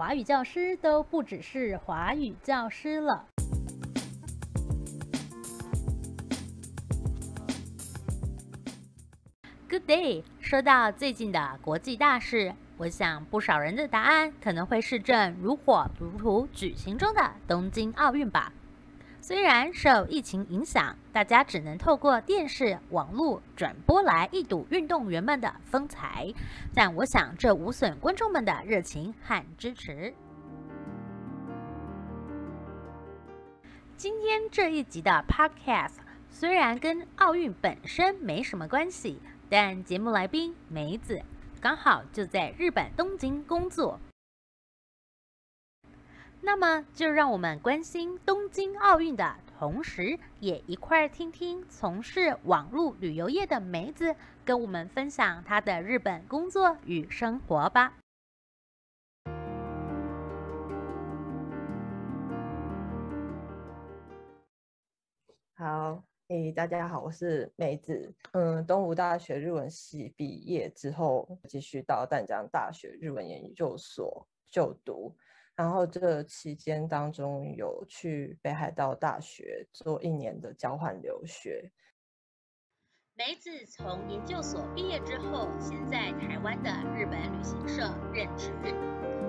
華語教師都不只是華語教師了。Good day，說到最近的國際大事，我想不少人的答案可能會是正如火如荼舉行中的東京奧運吧。雖然受疫情影響，大家只能透過電視、網絡轉播來一睹運動員們的風采，但我想這無損觀眾們的熱情和支持。今天這一集的 Podcast 雖然跟奧運本身沒什麼關係，但節目來賓梅、梅子剛好就在日本東京工作。那麼，就讓我們關心東京奧運的同時，也一塊兒聽聽從事網絡旅遊業的梅子跟我們分享她的日本工作與生活吧。好，誒，大家好，我是梅子。嗯，東吳大學日文系畢業之後，繼續到淡江大學日文研究所就讀。然後，這個期間當中有去北海道大學做一年的交換留學。梅子從研究所畢業之後，先在台灣的日本旅行社任職，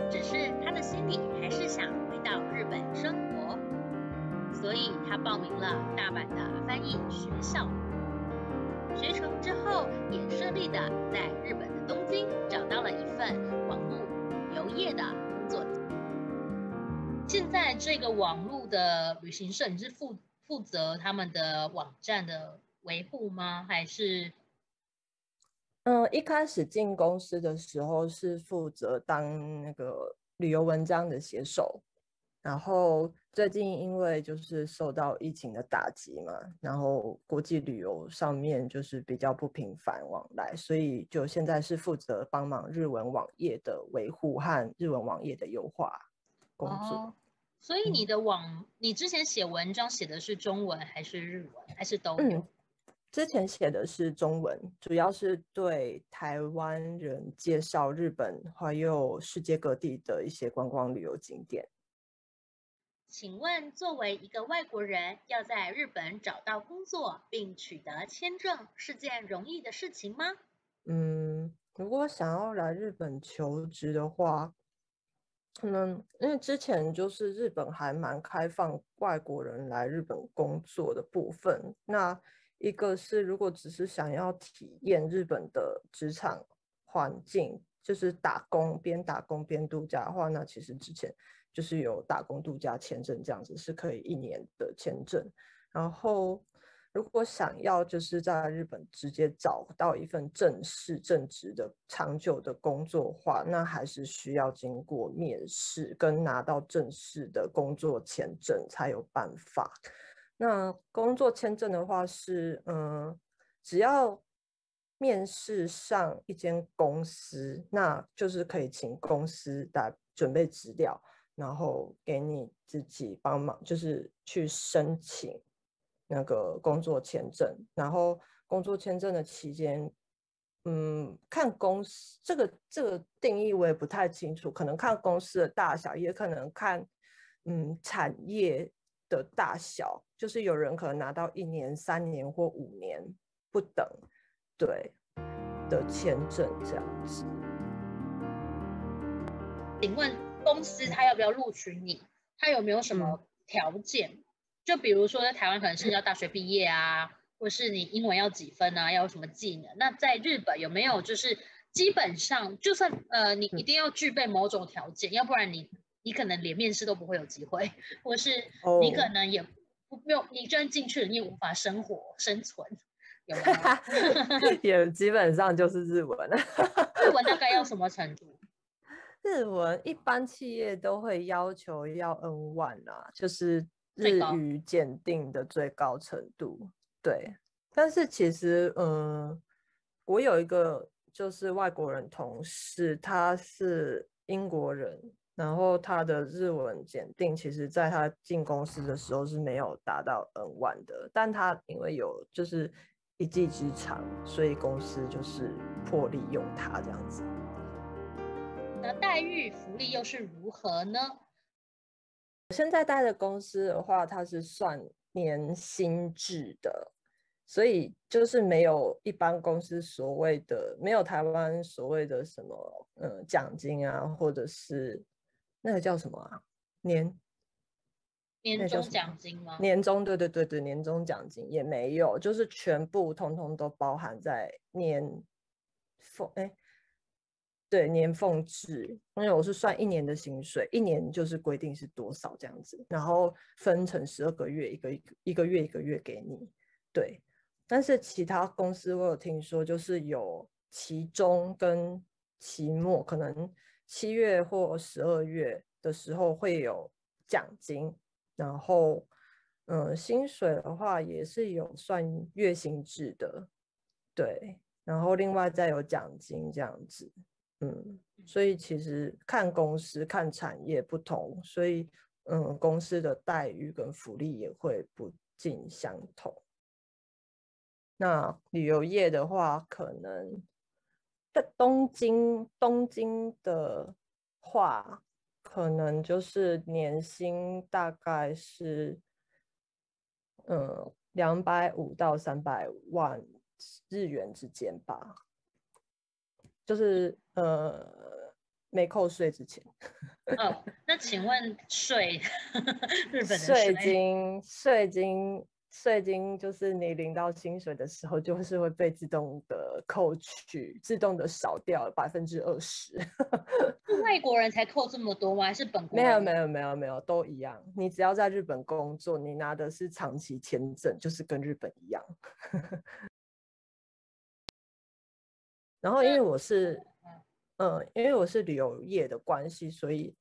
只是他的心裡還是想回到日本生活，所以他報名了大阪的翻譯學校，學成之後也順利的在日本。現在這個網絡的旅行社，你是負負責他們的網站的維護嗎？還是，嗯，一開始進公司的時候是負責當那個旅遊文章的寫手，然後最近因為就是受到疫情的打擊嘛，然後國際旅遊上面就是比較不頻繁往來，所以就現在是負責幫忙日文網頁的維護和日文網頁的優化工作。哦。所以你的網，嗯，你之前寫文章寫的是中文還是日文，還是都有文？之前寫的是中文，主要是對台灣人介紹日本，還有世界各地的一些觀光旅遊景點。請問，作為一個外國人，要在日本找到工作並取得簽證，是件容易的事情嗎？嗯，如果想要來日本求職的話，可能，嗯，因為之前就是日本還蠻開放外國人來日本工作的部分。那一個是如果只是想要體驗日本的職場環境，就是打工邊打工邊度假的話，那其實之前就是有打工度假簽證，這樣子是可以一年的簽證，然後。如果想要就是在日本直接找到一份正式正職的長久的工作的話，那還是需要經過面試跟拿到正式的工作簽證才有辦法。那工作簽證的話是，嗯，只要面試上一間公司，那就是可以請公司的準備資料，然後給你自己幫忙，就是去申請。那個工作簽證，然後工作簽證的期間，嗯，看公司這個這個定義我也不太清楚，可能看公司的大小，也可能看嗯產業的大小，就是有人可能拿到一年、三年或五年不等，對的簽證這樣子。請問公司他要不要錄取你？他有沒有什麼條件？就比如說在台灣，可能是要大學畢業啊，嗯、或是你英文要幾分啊，要有什麼技能？那在日本有沒有就是基本上就算呃，你一定要具備某種條件，嗯、要不然你你可能連面試都不會有機會，或是你可能也不用，哦、你你就算進去了，你也無法生活生存，有沒有？ 也基本上就是日文了， 日文大概要什麼程度？日文一般企業都會要求要 N1 啊，就是。日語檢定的最高程度，高對。但是其實，嗯、呃，我有一個就是外國人同事，他是英國人，然後他的日文檢定，其實在他進公司的時候是沒有達到 N1 的，但他因為有就是一技之長，所以公司就是破例用他這樣子。那待遇福利又是如何呢？我現在待的公司的話，它是算年薪制的，所以就是沒有一般公司所謂的，沒有台灣所謂的什麼，嗯、呃，獎金啊，或者是那個叫什麼啊，年年終獎金嗎？年終，對對對對，年終獎金也沒有，就是全部通通都包含在年，哎。對，年俸制，因為我是算一年的薪水，一年就是規定是多少這樣子，然後分成十二個月，一個一個一個月一個月給你。對，但是其他公司我有聽說，就是有期中跟期末，可能七月或十二月的時候會有獎金，然後嗯、呃，薪水的話也是有算月薪制的，對，然後另外再有獎金這樣子。嗯，所以其實看公司、看產業不同，所以嗯，公司的待遇跟福利也會不盡相同。那旅遊業的話，可能在東京，東京的話，可能就是年薪大概是嗯兩百五到三百萬日元之間吧。就是呃，沒扣稅之前。哦，oh, 那請問稅， 日本稅金，稅金，稅金就是你領到薪水的時候，就是會被自動的扣取，自動的少掉百分之二十。 是外國人才扣這麼多嗎？還是本國人？沒有沒有沒有沒有，都一樣。你只要在日本工作，你拿的是長期簽證，就是跟日本一樣。 然後，因為我是，嗯，呃，因為我是旅遊業的關係，所以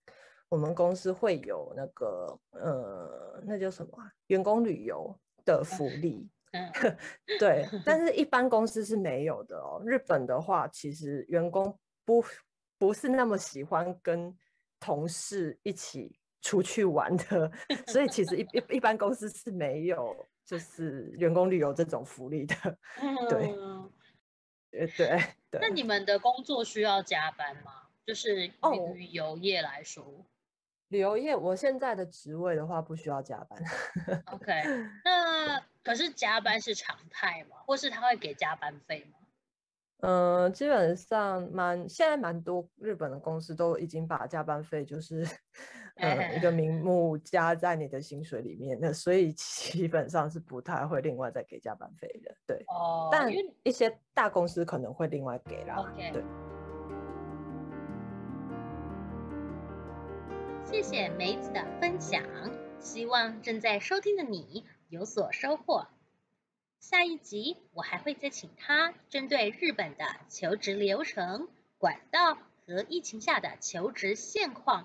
我們公司會有那個，呃，那叫什麼啊，員工旅遊的福利， 對。但是，一般公司是沒有的哦。日本的話，其實員工不不是那麼喜歡跟同事一起出去玩的，所以其實一 一般公司是沒有就是員工旅遊這種福利的，對，對。對那你們的工作需要加班嗎？就是旅遊業來說，哦、旅遊業我現在的職位的話不需要加班。 OK，那可是加班是常態嗎？或是他會給加班費嗎？嗯、呃，基本上蠻現在蠻多日本的公司都已經把加班費就是。呃、嗯，一個名目加在你的薪水裡面，那所以基本上是不太會另外再給加班費的。對，oh, 但一些大公司可能會另外給啦。Okay. 對。謝謝梅子的分享，希望正在收聽的你有所收穫。下一集我還會再請他針對日本的求職流程、管道和疫情下的求職現況。